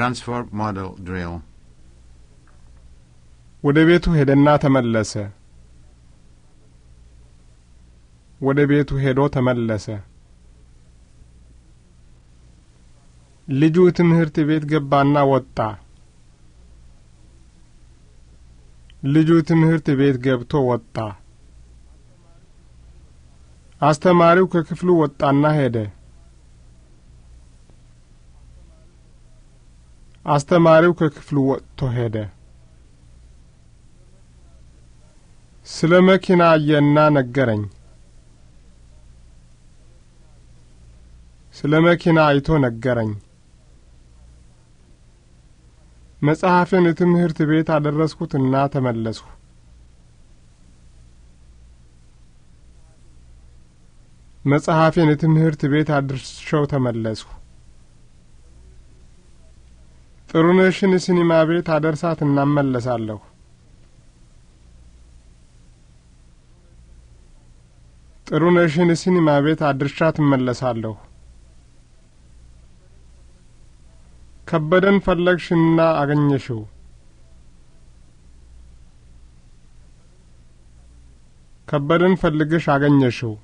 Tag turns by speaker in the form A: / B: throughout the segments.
A: Transfer model drill. ወደ ቤቱ ሄደና ተመለሰ። ወደ ቤቱ ሄዶ ተመለሰ። ልጁ ትምህርት ቤት ገባና ወጣ። ልጁ ትምህርት ቤት ገብቶ ወጣ። አስተማሪው ከክፍሉ ወጣና ሄደ። አስተማሪው ከክፍሉ ወጥቶ ሄደ። ስለ መኪና አየና ነገረኝ። ስለ መኪና አይቶ ነገረኝ። መጽሐፌን የትምህርት ቤት አደረስኩትና ተመለስሁ። መጽሐፌን የትምህርት ቤት አድርሸው ተመለስሁ። ጥሩነሽን ሲኒማ ቤት አደርሳት እናመለሳለሁ። ጥሩነሽን ሲኒማ ቤት አድርሻት እመለሳለሁ። ከበደን ፈለግሽና አገኘሽው። ከበደን ፈልግሽ አገኘሽው።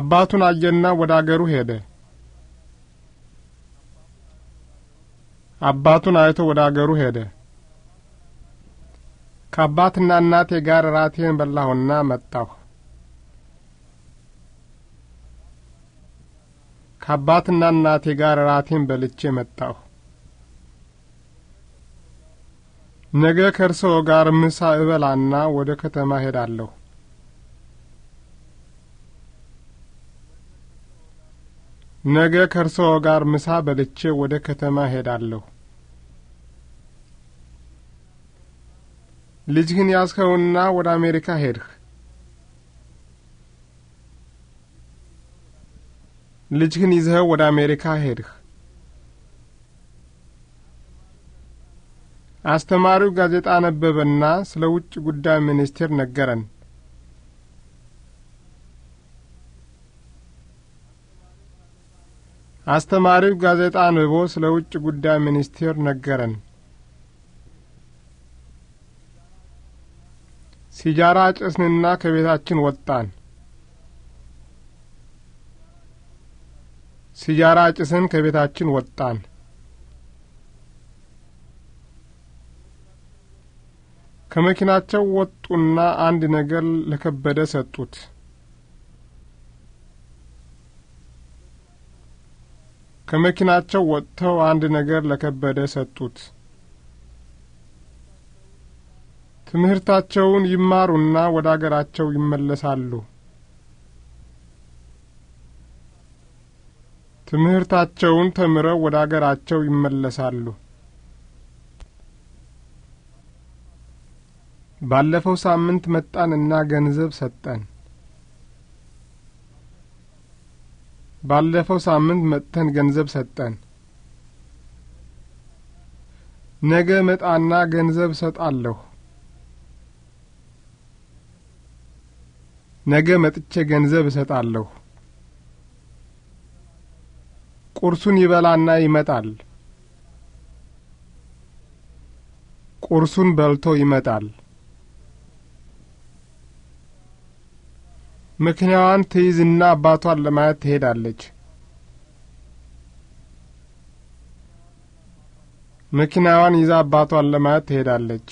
A: አባቱን አየና ወደ አገሩ ሄደ። አባቱን አይቶ ወደ አገሩ ሄደ። ከአባትና እናቴ ጋር ራቴን በላሁና መጣሁ። ከአባትና እናቴ ጋር ራቴን በልቼ መጣሁ። ነገ ከእርስዎ ጋር ምሳ እበላና ወደ ከተማ ሄዳለሁ። ነገ ከእርስዎ ጋር ምሳ በልቼ ወደ ከተማ ሄዳለሁ። ልጅህን ያዝኸውና ወደ አሜሪካ ሄድህ። ልጅህን ይዘኸው ወደ አሜሪካ ሄድህ። አስተማሪው ጋዜጣ ነበበና ስለ ውጭ ጉዳይ ሚኒስቴር ነገረን። አስተማሪው ጋዜጣ አንብቦ ስለ ውጭ ጉዳይ ሚኒስቴር ነገረን። ሲጃራ ጭስንና ከቤታችን ወጣን። ሲጃራ ጭስን ከቤታችን ወጣን። ከመኪናቸው ወጡና አንድ ነገር ለከበደ ሰጡት። ከመኪናቸው ወጥተው አንድ ነገር ለከበደ ሰጡት። ትምህርታቸውን ይማሩና ወደ አገራቸው ይመለሳሉ። ትምህርታቸውን ተምረው ወደ አገራቸው ይመለሳሉ። ባለፈው ሳምንት መጣንና ገንዘብ ሰጠን። ባለፈው ሳምንት መጥተን ገንዘብ ሰጠን። ነገ መጣና ገንዘብ እሰጣለሁ። ነገ መጥቼ ገንዘብ እሰጣለሁ። ቁርሱን ይበላና ይመጣል። ቁርሱን በልቶ ይመጣል። መኪናዋን ትይዝና አባቷን ለማየት ትሄዳለች። መኪናዋን ይዛ አባቷን ለማየት ትሄዳለች።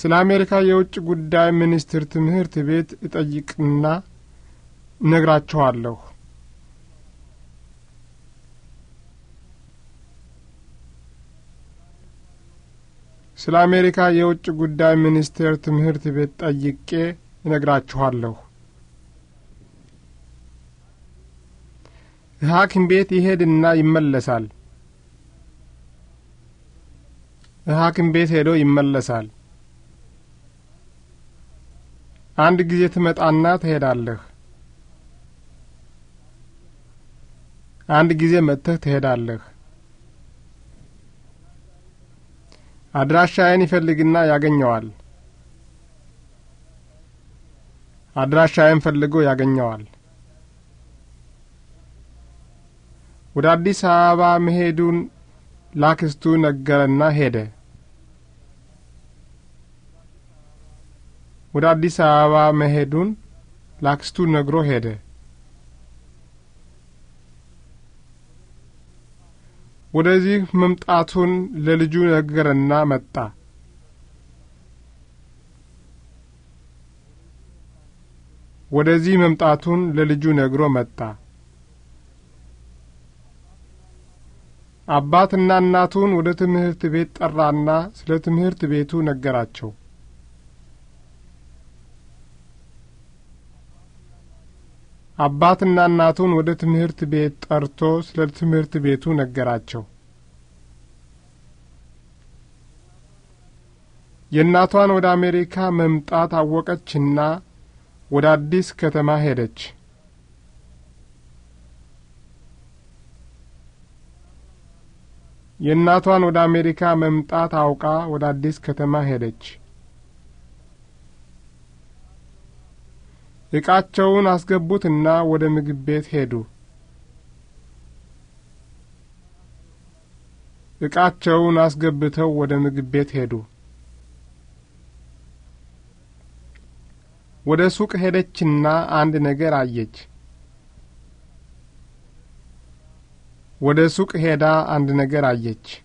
A: ስለ አሜሪካ የውጭ ጉዳይ ሚኒስቴር ትምህርት ቤት እጠይቅና እነግራችኋለሁ። ስለ አሜሪካ የውጭ ጉዳይ ሚኒስቴር ትምህርት ቤት ጠይቄ እነግራችኋለሁ። ሐኪም ቤት ይሄድና ይመለሳል። ሐኪም ቤት ሄዶ ይመለሳል። አንድ ጊዜ ትመጣና ትሄዳለህ። አንድ ጊዜ መጥተህ ትሄዳለህ። አድራሻዬን ይፈልግና ያገኘዋል። አድራሻዬን ፈልጎ ያገኘዋል። ወደ አዲስ አበባ መሄዱን ላክስቱ ነገረና ሄደ። ወደ አዲስ አበባ መሄዱን ላክስቱ ነግሮ ሄደ። ወደዚህ መምጣቱን ለልጁ ነገረና መጣ። ወደዚህ መምጣቱን ለልጁ ነግሮ መጣ። አባትና እናቱን ወደ ትምህርት ቤት ጠራና ስለ ትምህርት ቤቱ ነገራቸው። አባትና እናቱን ወደ ትምህርት ቤት ጠርቶ ስለ ትምህርት ቤቱ ነገራቸው። የእናቷን ወደ አሜሪካ መምጣት አወቀችና ወደ አዲስ ከተማ ሄደች። የእናቷን ወደ አሜሪካ መምጣት አውቃ ወደ አዲስ ከተማ ሄደች። ዕቃቸውን አስገቡትና ወደ ምግብ ቤት ሄዱ። ዕቃቸውን አስገብተው ወደ ምግብ ቤት ሄዱ። ወደ ሱቅ ሄደችና አንድ ነገር አየች። ወደ ሱቅ ሄዳ አንድ ነገር አየች።